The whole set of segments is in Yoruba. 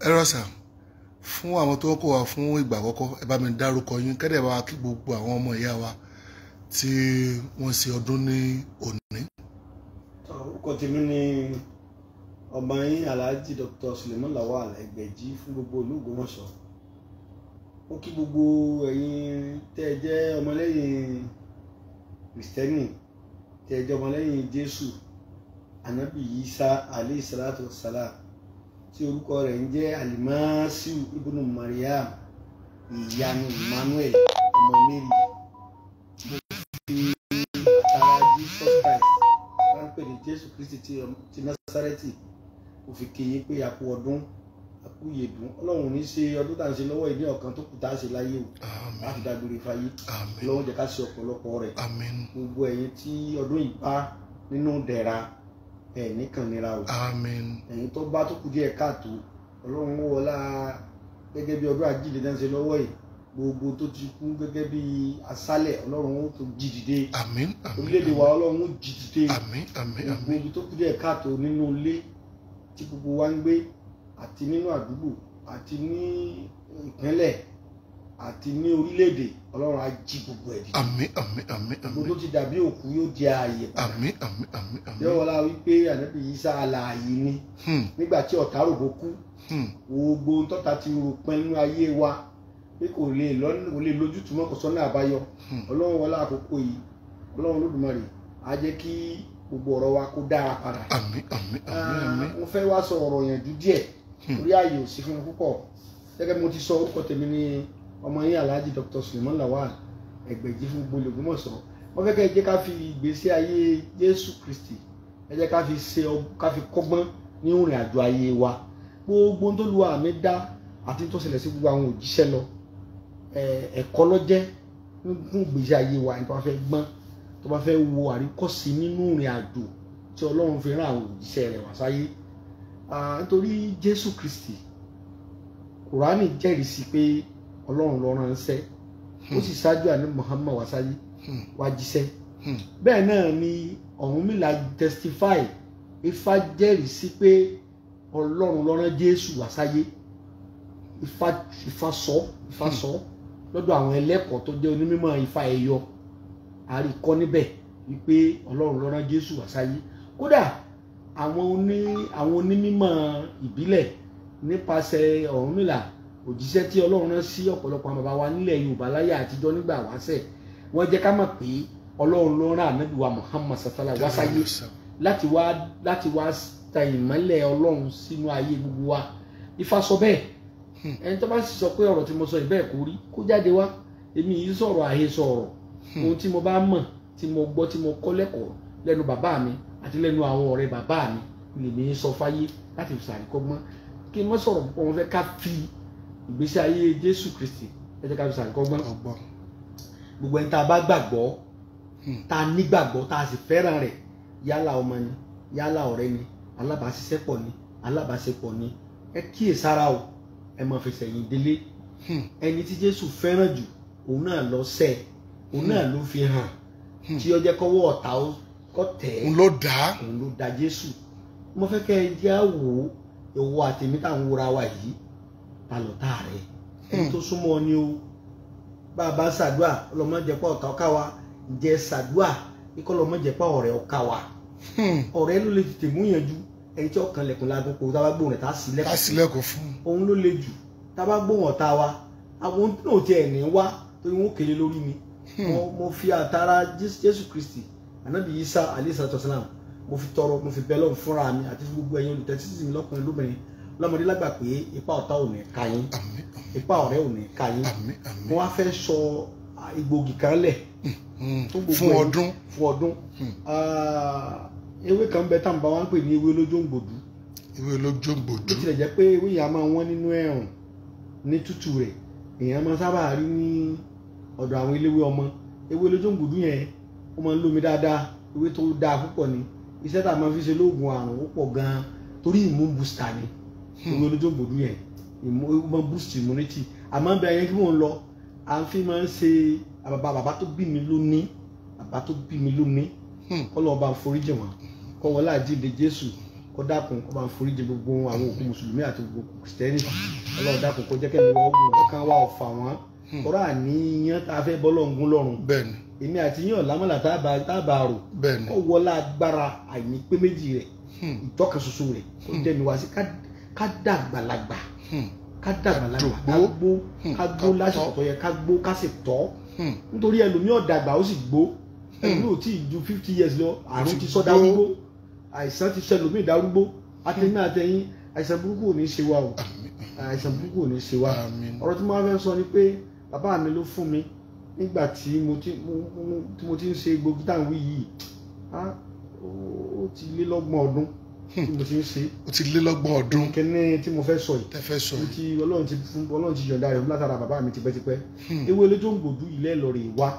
ẹ rọ́ṣà fún àwọn tó kó wa fún ìgbà àkọ́kọ́ ẹ bá mi dárúkọ yín kẹ́dẹ̀ bá wa kí gbogbo àwọn ọmọ ìyá wa tí wọ́n ṣe ọdún ní òní. orúkọ tèmi ni ọba yín alhaji dr suleiman lawal ẹgbẹ̀jì fún gbogbo ìlú Ògbómọ̀ṣọ́ ó kí gbogbo ẹ̀yin tẹ́ ẹ jẹ́ ọmọlẹ́yìn kristẹni tẹ́ ẹ jẹ́ ọmọlẹ́yìn jésù anabi isa alayhi salatu wa salam tí orúkọ rẹ̀ ń jẹ́ alimasiu ibùnú mariam ìyanu emmanuel ọmọ mary mo fi ara jesus christ ránpẹ́ ní jésù kristi ti nasareti mo fi kí pé a ọdún a yèdùn ọlọ́run ní ṣe ọdún tá à ń ṣe lọ́wọ́ ìní ọ̀kan tó kù tá a ṣe láyé o láti dágbére fáyé ọlọ́run jẹ́ ká ṣe ọ̀pọ̀lọpọ̀ rẹ̀ gbogbo ẹ̀yin tí ọdún yìí bá nínú dẹ̀ra ẹ nìkan nira o àmín ẹ̀yin tó bá tó kù díẹ̀ káàtó ọlọ́run ó wọlá gẹ́gẹ́ bí ọdún àjíǹde náà ṣe lọ́wọ́ yìí gbogbo tó ti kú gẹ́gẹ́ bí asálẹ̀ ọlọ́run ó tó jí dìde àmín àmín orílẹ̀-èdè wa ọlọ́run ó jí dìde àmín àmín àmín gbogbo tó kù díẹ̀ káàtó nínú ilé tí gbogbo wa ń gbé àti nínú àdúgbò àti ní ìpínlẹ̀ àti ní orílẹ̀-èdè ọlọ́run á jí gbogbo ẹ̀ dìde. àmín àmín àmín àmín. gbogbo ti dàbí òkú yóò di ààyè. àmín àmín àmín àmín. yóò wọlá wípé ànábì Ìsá alààyè ni. Hmm. nígbà tí ọ̀tá rògbò kú. Hmm. gbogbo tọ́ta ti rò pẹ́ nínú ayé wa pé kò lè kò lè lójútùú kò sọ́nà àbáyọ. Hmm. ọlọ́run wọlá àkókò yìí ọlọ́run Olódùmarè á jẹ́ kí gbogbo ọ̀rọ̀ wa kó dára padà. àmín àmín àmín ah, àmín. mo fẹ́ wá sọ ọ̀rọ̀ yẹn ju díẹ̀ torí ààyè ò fún mi púpọ̀ gẹ́gẹ́ mo ti sọ orúkọ tèmi ní ọmọ yín alhaji dr suleiman lawal ẹgbẹ̀jì fún gbològbòmọ̀sọ wọ́n fẹ́ kẹ́ ẹ jẹ́ ká fi ìgbésí ayé jésù kristi ẹ jẹ́ ká fi ṣe ká fi kọ́gbọ́n ní ìrìn àjò ayé wa gbogbo tó lu àmì dá àti tó ṣẹlẹ̀ sí gbogbo àwọn òjíṣẹ́ lọ ẹ̀kọ́ ló jẹ́ fún ìgbésí ayé wa nípa fẹ́ gbọ́n tó bá fẹ́ wo àríkọ́sí nínú ìrìn àjò tí ọlọ́run fi rán àwọn òjíṣẹ́ rẹ̀ wá sáyé nítorí jésù kristi kùránì jẹ́rìí sí pé ọlọ́run ló ránṣẹ́ ó hmm. sì ṣáájú àní Muhammad wá sáyé hmm. wá jíṣẹ́ hmm. bẹ́ẹ̀ náà ni Ọ̀rúnmìlà testify Ifá jẹ́rìí sí pé ọlọ́run ló rán Jésù wá sáyé Ifá Ifá sọ Ifá sọ lọ́dọ̀ àwọn ẹlẹ́kọ̀ọ́ tó jẹ́ onímọ̀ Ifá ẹ̀yọ àríkọ́ níbẹ̀ wípé ọlọ́run ló rán Jésù wá sáyé kódà àwọn oní àwọn onímọ̀ ìbílẹ̀ nípasẹ̀ Ọ̀rúnmìlà òjíṣẹ́ tí ọlọ́run rán sí ọ̀pọ̀lọpọ̀ àwọn bàbá wa nílẹ̀ yorùbá láyé àtijọ́ nígbà wáṣẹ̀ wọ́n jẹ́ ká mọ̀ pé ọlọ́run ló rán ànábì wa muhammad sasala wáṣáyé láti wá láti wá ta ìmọ́lẹ̀ ọlọ́run sínú ayé gbogbo wa ifá sọ bẹ́ẹ̀ hmm. ẹni tó bá sì sọ pé ọ̀rọ̀ tí mo sọ yìí bẹ́ẹ̀ kò rí kó jáde wá èmi yìí sọ̀rọ̀ àhesọ ọ̀rọ̀ hmm. ohun tí mo bá mọ̀ tí mo gbọ́ tí mo kọ́ lẹ́kọ̀ọ́ lẹ́nu bàbá mi àti lẹ́nu àwọn ọ̀rẹ́ bàbá mi lèmi sọ fáyé láti sàríkọ́gbọ́n kí n mọ́ sọ̀rọ̀ púpọ̀ wọn fẹ́ ká fi ìgbésí ayé jésù kristi ẹ jẹ́ ká fi ṣàǹkọ́gbọ́n gbogbo ẹni tá a bá gbàgbọ́ hmm. tá a nígbàgbọ́ tá a sì fẹ́ràn rẹ̀ yálà ọmọ ni yálà ọ̀rẹ́ ni alábàáṣiṣẹ́pọ̀ ni alábàáṣepọ̀ ni ẹ kíyè sára o ẹ máa fi sẹ̀yìn délé hmm. ẹni tí jésù fẹ́ràn jù òun náà lọ sẹ́ òun náà ló fi hàn hmm. tí ó kọ́wọ́ ọ̀tá ó kọ́ tẹ̀ ẹ́ òun ló dá òun ló dá jésù mo fẹ́ kẹ́ ẹ jẹ́ àwò ìwọ àtèmi táwọn wúra wa yìí talọ̀tà rẹ̀ hmm. tó súnmọ́ ni o bá a bá ń ṣàdúà ọlọ́mọdépa ọ̀tá ọ̀ká wa ǹjẹ́ ṣàdúà ikọ́ ọlọ́mọdépa ọ̀rẹ́ ọ̀ká wa hmm. ọ̀rẹ́ ló lè tètè mú yanjú ẹni tí ọkàn lẹ̀kùn lagun kò tá a bá gbóhùn rẹ̀ tá a sílẹ̀kùn fún òun ló le jù tá a bá gbóhùn ọ̀tá wa àwọn náà tiẹ̀ ní wá torí wọn kèlè lórí mi hmm. mo fi àtàrà Jésù Kristi ànábì Isa alayhi salatu wasalam mo fi tọrọ mo fi bẹ Ọlọ́run fúnra mi àti gbogbo ẹ̀yin olùtẹ́tísí lọ́mọdé lágbà pé ipa ọ̀tá ò ní ka yín ipa ọ̀rẹ́ ò ní ka yín wọ́n wá fẹ́ sọ egbògi kan lẹ̀ hmm, fún hmm. ọdún fún ọdún hmm. ewé kan bẹ tá à ń bá wọn pè ní ewé olójóǹgbòdú ewé olójóǹgbòdú bó tilẹ̀ jẹ́ pé ewé yìí a máa wọ́n nínú ẹ̀rùn ní tútù rẹ̀ èèyàn máa sábà rí ní ọ̀dọ̀ àwọn eléwé ọmọ ewé olójóǹgbòdú yẹn ó máa ń lómi dáadáa ewé tó dáa púpọ̀ ni iṣẹ́ tá a máa fi ṣe lóògùn àrùn ó pọ̀ gan-an torí immune booster ni ìwé oníjògbòdú yẹn ìmọ̀ boost immunity àmọ́ bí ayé kí mò ń lọ à ń fi máa ń ṣe àbàbà bàbá tó bí mi lónìí bàbá tó bí mi lónìí hmm. kọ́ lọ́ọ́ bá ń forí jẹ̀ wọ́n kọ́ wọ́n láàjínde Jésù kọ́ dákun kọ́ bá ń forí jẹ̀ gbogbo àwọn òkú mùsùlùmí àti gbogbo kìrìsìtẹ́nì kọ́ lọ́ọ́ dákun kọ́ jẹ́ kẹ́mi wọ́n gùn ọkàn wa ọ̀fà wọn hmm. kọ́ra àníyàn tá a fẹ́ bọ́ lọ́ngún lọ́rùn èmi àti yàn lámọ́là tábà rò kọ́ wọlé agbára àìní pé méjì rẹ̀ hmm. ìtọ́ka ṣoṣo rẹ̀ kó jẹ́ mi wá sí ká Hmm. ká dàgbàlagbà ká dàgbàlagbà ká gbó hmm. ká gbó lásìkò tó yẹ ká gbó ká sì tọ́ hmm. nítorí ẹlòmíì dàgbà ó sì gbó ẹlòmíì tí ju fifty years lọ àrùn ti sọ darúgbó àìsàn ti sọ ẹlòmíì darúgbó àtẹ̀mí àtẹ̀yìn àìsàn burúkú ò ní ṣe wa o àìsàn burúkú ò ní ṣe wa ọ̀rọ̀ tí mo fẹ́ sọ ni pé bàbá mi ló fún mi nígbà tí mo ti ń ṣe gbogbo táwọn yìí ó ti lé lọ́gbọ̀n ọdún tí mo ti ń ṣe. o ti lé lọ́gbọ̀n ọdún. kíní tí mo fẹ́ sọ yìí. tẹ fẹ́ sọ yìí. ti ọlọ́run ti fún ọlọ́run ti yọ̀ǹda rẹ̀ látara bàbá mi tipẹ́tipẹ́. Hmm. ewé olójóǹgbòdú ilé lọ́ọ̀rì wa.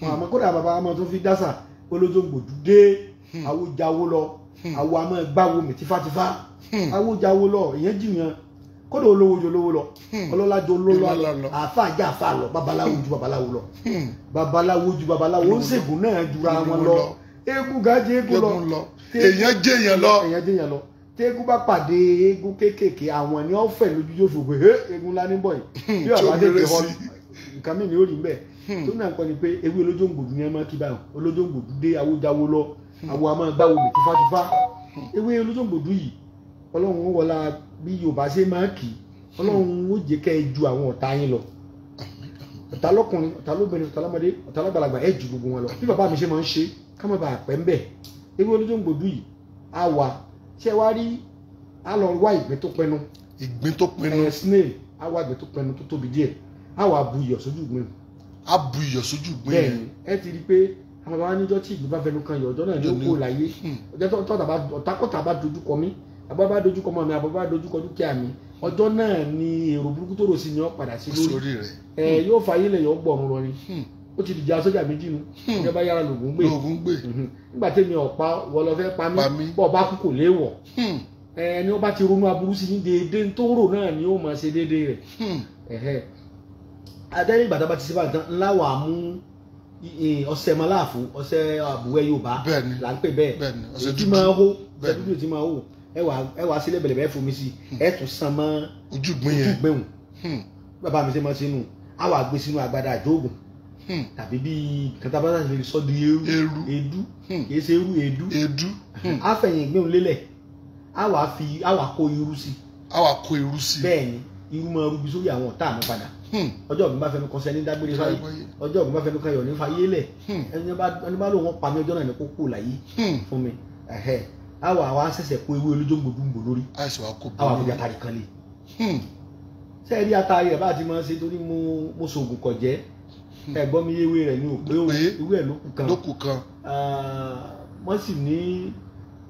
Hmm. àmọ́ kódà bàbá àmọ́ tó fi dásà olójóǹgbòdú dé hmm. àwo jáwó lọ àwo àmọ́ gbáwo mi tífátífá àwo jáwó lọ ìyẹn jìyàn kódà olówó jọ olówó lọ ọlọ́lá jọ olówó lọ àáfà jà àáfà lọ babaláwo ju babaláwo lọ babaláwo ju babaláwo ó ń ṣègùn náà jura wọn lọ eégún gajé eégún lọ èèyàn jẹ èèyàn lọ èèyàn jẹ èèyàn lọ tẹ́gùn bá pàdé eégún kéékèèké àwọn ni wọ́n fẹ̀ lójú yóò fògbé hé eégún ńlá níbọ̀ bí ọ̀bá tètè họ nǹkan mìíràn yóò rí bẹ́ẹ̀ hmm. tó náà ń ni pé ewé olójóǹgbòdú ni ẹ máa kí báyìí olójóǹgbòdú dé awójáwó lọ hmm. àwọn a máa gbáwo mi tífátífá ewé olójóǹgbòdú yìí ọlọ́run ó wọlá bí yorùbá ṣe máa kì í ọlọ́run ó jẹ́ kẹ́ ẹ ju àwọn ọ̀tá yín lọ ọ̀tá lọ́kùnrin ọ̀tá lóbìnrin ọ̀tá lọ́mọdé ọ̀tá lágbàlagbà ẹ ju gbogbo wọn lọ bí bàbá mi ṣe máa ń ṣe ká má bàa pẹ́ ń bẹ̀ ewé olódóńgbòdú yìí á wà ṣé wá rí á lọ wá ìgbín tó pinnu. ìgbín tó pinnu. ẹ eh, snail á wá ìgbín tó pinnu tó tóbi díẹ̀ á wà bu iyọ̀ sójú ìgbín. á bu iyọ̀ sójú ìgbín. bẹ́ẹ̀ni ẹ ti rí i pé àwọn bàbá níjọ́ tí ìgbín bá fẹnu kan yọ ọjọ́ náà ni ó kó láyé hmm. ọjọ́ tó ọ̀tàkọ̀tà bá dojúkọ mi àbá bá dojúkọ mọ mi àbá bá dojúkọ dúkìá mi ọjọ́ náà ni èrò burúkú tó rò sí ni ó padà sí lórí ẹ eh, hmm. yóò fàyè ó ti dìjà sójà méjì nu hmm. ìjọba yàrá lògùn gbé lògùn gbé mhm. nígbà tèmi ọ̀pá wọ́n lọ fẹ́ pa mí bọ́ ọba kú kò léèwọ̀ hmm. ẹni ó bá ti ronú aburú sí ní déédéé tó rò náà ni ó máa ṣe déédéé rẹ̀ adẹ́rìn ìgbà tá a bá ti ṣe báyìí tán ńlá wà á mú ọṣẹ maláàfo ọṣẹ àbúwẹ Yorùbá là ń pè bẹ́ẹ̀ èyí tí máa hó ọṣẹ dúdú tí máa hó ẹ wàá sílẹ̀ bẹ̀lẹ̀ bẹ́ẹ̀ fomi sí hmm. ẹ tún san mọ́ ojúgbìn yẹn bàbá mi ṣe máa ṣe nù á wàá gbé sínú agbada àjọgùn Hmm. tàbí bíi katabata ṣe sọ di eru edu hmm. kìí ṣe eru edu edu àfẹ̀yìn hmm. gbẹ̀hùn lélẹ̀ àwa fi àwa kó irú sí. àwa kó irú sí. bẹ́ẹ̀ni irú máa rúbi sórí àwọn ọ̀tá àmọ́ padà ọjọ́ mi bá fẹnu kọsẹ́ ní dágbére fáyé ọjọ́ mi bá fẹnu kan yọ̀ ní fáyé lẹ̀ ẹni bá lóun pa mí ọjọ́ náà ní kókó láyé fún mi àwa àwa ṣẹ̀ṣẹ̀ kó ewé olójóngbòdúngbò lórí àwa kò jàtàrí kan lè sẹ́ẹ̀rí àtàrí ẹ̀ bá ti máa ṣe torí mo ṣoògùn kọ̀jẹ́ Hmm. ẹ̀gbọ́n mi yéwé rẹ̀ ni ò pé ìwé ẹ̀ ló kù kan wọ́n sì ní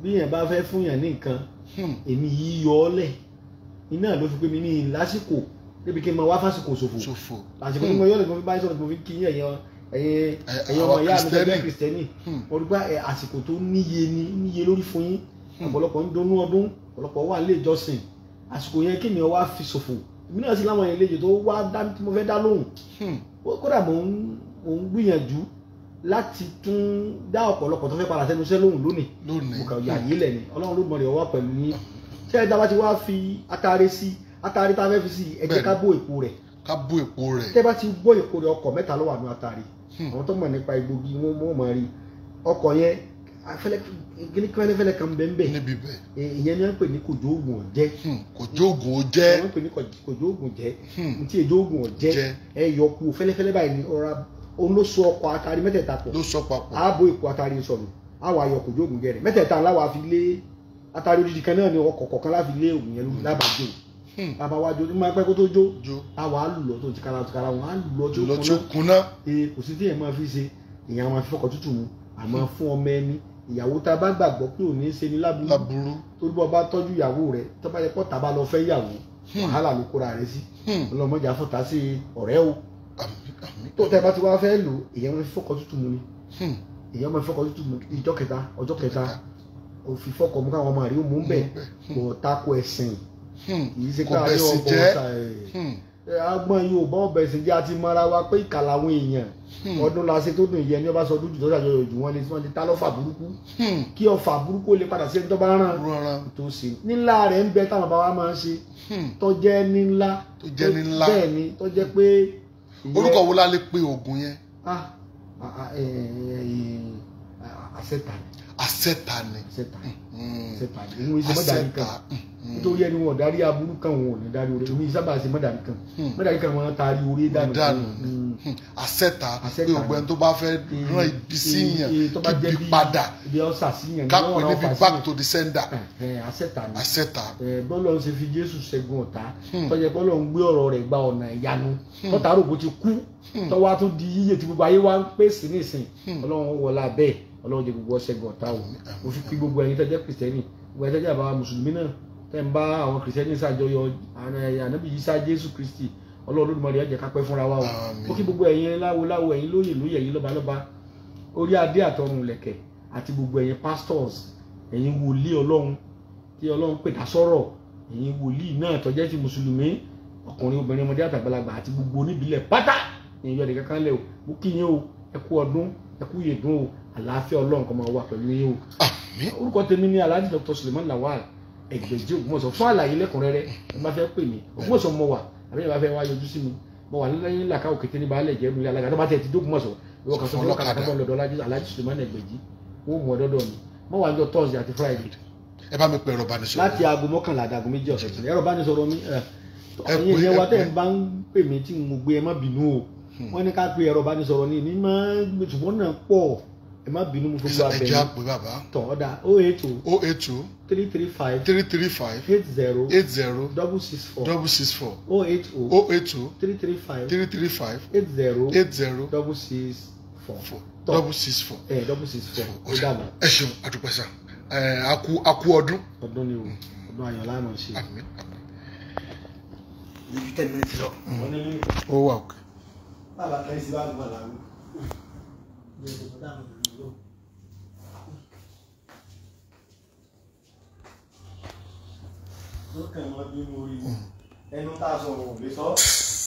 bí yẹn bá fẹ́ fún yẹn ní nǹkan hmm. èmi yìí yọ ọ́ lẹ̀ iná ló fi pé mi ní lásìkò débi kí n máa wá fásìkò ṣòfò àsìkò tí hmm. mo yọ lẹ́gbọ́n fi báyìí sọ̀rọ̀ tí mo fi kí yẹn yẹn ẹyin ẹyin ọmọ ìyá mi tẹ́lẹ̀ kìrìsìtẹ́nì mo dúpẹ́ àsìkò tó níye ni níye lórí fún yín ọ̀pọ̀lọpọ̀ ń dunnú ọdún ọ̀pọ̀lọpọ̀ wà nílé ìjọsìn àsìkò yẹn kí ni ọ wá fi ṣòfò mi náà sì láwọn ìlejò tó wá tí mo fẹ́ dá lóhùn hmm. kódà mò ń gbìyànjú láti tún dá ọ̀pọ̀lọpọ̀ tó fẹ́ padà sẹ́nu iṣẹ́ lóhùn lónìí mo kà yà yé lẹ̀ ni ọlọ́run ló mọ̀rẹ̀ wá pẹ̀lú yín ṣé ẹ dábàá ti wá fi atare sí atare tá a fẹ́ fi sí ẹ jẹ́ ká bó èpo rẹ̀ ká bó èpo rẹ̀ tẹ́ bá ti bó èpo rẹ̀ ọkọ̀ mẹ́ta ló wà ní atare hmm. àwọn tó mọ̀ nípa egbògi wọn mọ̀ rí ọkọ̀ yẹn kíníkíní fẹlẹ kan bẹ nbẹ níbi bẹ ìyẹn ni wọn pè ní kòjó oògùn ọjẹ hmm, kòjó oògùn ọjẹ wọn pè ní kòjó oògùn jẹ ntí èjó oògùn ọjẹ ẹ yọ kú fẹlẹfẹlẹ báyìí ni ọra òun ló so ọkọ atari mẹ́tẹ̀ẹ̀ta pọ̀ ló sọ papọ̀ ààbò èkó atari sọnù àwọ ayọ kòjó oògùn jẹ rẹ mẹ́tẹ̀ẹ̀ta láwa fi lé atari odidi kan náà ni ọkọ kọkan láfi lé oògùn yẹn lábàjọ bàbá wa jo máa pẹ́ kó tó jó àwọ̀ á lù lọ tó tìkara tìkara wọn á lù lọ tó kunná kò ìyàwó tá a bá gbàgbọ́ pé ò ní ṣe ni láburú torí bọ́ bá tọ́jú ìyàwó rẹ̀ tó bá yẹ kó tàbá lọ fẹ́ ìyàwó hmm. wàhálà ló kóra rẹ̀ sí hmm. ọlọ́mọdé àfọ̀tá sí ọ̀rẹ́ o tó tẹ́ bá ti wá fẹ́ lò èyàn máa fi fọ́kọ tútù mu ni èyàn hmm. máa fi fọ́kọ tútù mu ìjọ kẹta ọjọ́ kẹta ò fi fọ́kọ mu káwọn ọmọ rẹ̀ ó mú bẹ̀ kò tako ẹ̀sìn kì í ṣe agbọ́n Yorùbá ọ̀bẹ̀ ṣèjì àti mọ́ra wa pé ìkà làwọn èèyàn hmm. ọdún la ṣe tó dùn ìyẹn ní ọba sọ dúdú tọ́jà yọyọ jù wọ́n lè wọ́n lè ta lọ́fà burúkú hmm. kí ọ̀fà burúkú lè padà sí ẹni tó bá ràn tó ṣe nílá rẹ̀ ń bẹ táwọn bàbá máa ń ṣe hmm. tó jẹ́ nílá tó jẹ́ nílá bẹ́ẹ̀ ni tó jẹ́ pé. orúkọ wo la lè pe oògùn yẹn. àṣetà ah, ni àṣetà ni àṣetà ni àṣetà nítorí ẹni wọn darí aburú kan wọn ò ní darí orí omi sábà ṣe mọ́dàrí kan hmm. mọ́dàrí kan wọn taari orí dànù. dànù hmm. àṣẹta pé ògbẹ́ni tó bá fẹ́ rán ibi síyàn ibi padà kápẹ́ níbi back to the sender. Eh, eh, àṣẹta ni àṣẹta. Eh, bọ́lọ̀ ṣe fi Jésù ṣẹ́gun ọ̀tá tọ́jà bọ́lọ̀ ń gbé ọ̀rọ̀ rẹ̀ gba ọ̀nà ìyanu hmm. tọ́ta rògbò ti kú tọ́wọ́ á tún di yíyẹ tí gbogbo ayé wa ń pèsè nísìn Ọlọ́run wọlá bẹ́ẹ̀ Ọlọ́run jẹ gbogbo ọ̀ṣẹ́gun ọ̀tá o mo fi kí gbogbo ẹ̀yin tẹ́jẹ́ kìrìsìtẹ́nì tẹ́ ń bá àwọn kìrìsìtẹ́nì ṣàjọyọ̀ ànábì Ìsá Jésù Kristi Ọlọ́run Olódùmarè ẹ jẹ́ ká pẹ́ fúnra wa o ó kí gbogbo ẹ̀yin láwo láwo ẹ̀yin lóyè lóyè ẹ̀yin lọ́ba lọ́ba orí adé àtọrun lẹ̀kẹ̀ àti gbogbo ẹ̀yin pastors ẹ̀yin wòlíì Ọlọ́run tí Ọlọ́run pè dá sọ́rọ̀ ẹ̀yin wòlíì náà tó jẹ́ ti mùsùlùmí ọkùnrin obìnrin ọmọdé àtàgbàlagbà àti gbogbo oníbílẹ̀ pátá ẹ̀yin yọ̀dẹ̀ kankan lẹ̀ o mo kí yín o ẹ kú ọdún ẹ kú yèdún o àlàáfíà Ọlọ́run kó máa wà pẹ̀lú ẹgbẹ̀jì Ògbómọ̀ṣọ́ fún àlàyé lẹ́kùnrẹ́rẹ́ ẹ bá fẹ́ pè mí Ògbómọ̀ṣọ́ mo wà àbí ẹ bá fẹ́ wá yọjú sí mi mo wà lẹ́yìn làkà òkété ní baálẹ̀ jẹ́ mi alága tó bá tẹ̀ ti dé Ògbómọ̀ṣọ́ ìwọ kan sọ́kọ́ kàkà tó lọ́dọ̀ alájí sùnmọ́ ẹgbẹ̀jì ó mú ọdọ́dọ̀ mi mo wà níjọ́ Thursday àti Friday. ẹ bá mi pè ẹ̀rọ ìbánisọ̀rọ̀ láti aago mọ́kànlá àdàgùn méjì ọ̀sẹ̀ tẹ̀lé ẹ̀rọ ìbánisọ̀rọ̀ mi ẹ̀yin ìyẹn wa tẹ̀ ń bá ń pè mí tí mo gbé ẹ má bínú o hmm. wọ́n ní ká pè ẹ̀rọ ìbánisọ̀rọ̀ ni mi máa ń ṣùgbọ́n náà pọ̀ ẹ má bínú mu gbogbo abẹ yìí tọ ọdà o eight o o oh eight o three three five three three five eight zero eight zero double six four double six four o oh eight o o oh eight o three three five three three five eight zero eight zero double six four double six four ẹ eh, double six four o dàbọ̀. ẹ ṣeun àdúpẹ́sà ẹ eh, akú akú ọdún. ọdún ni o mm. ọdún ayọ̀ láàmú ṣe. àmín àmín. níbi ten minutes lọ. Mm. ó wà òkè. bàbá kẹ́sì bá gbọ́ làwọn. ló kàn mọ́ bínú orí ẹnu tá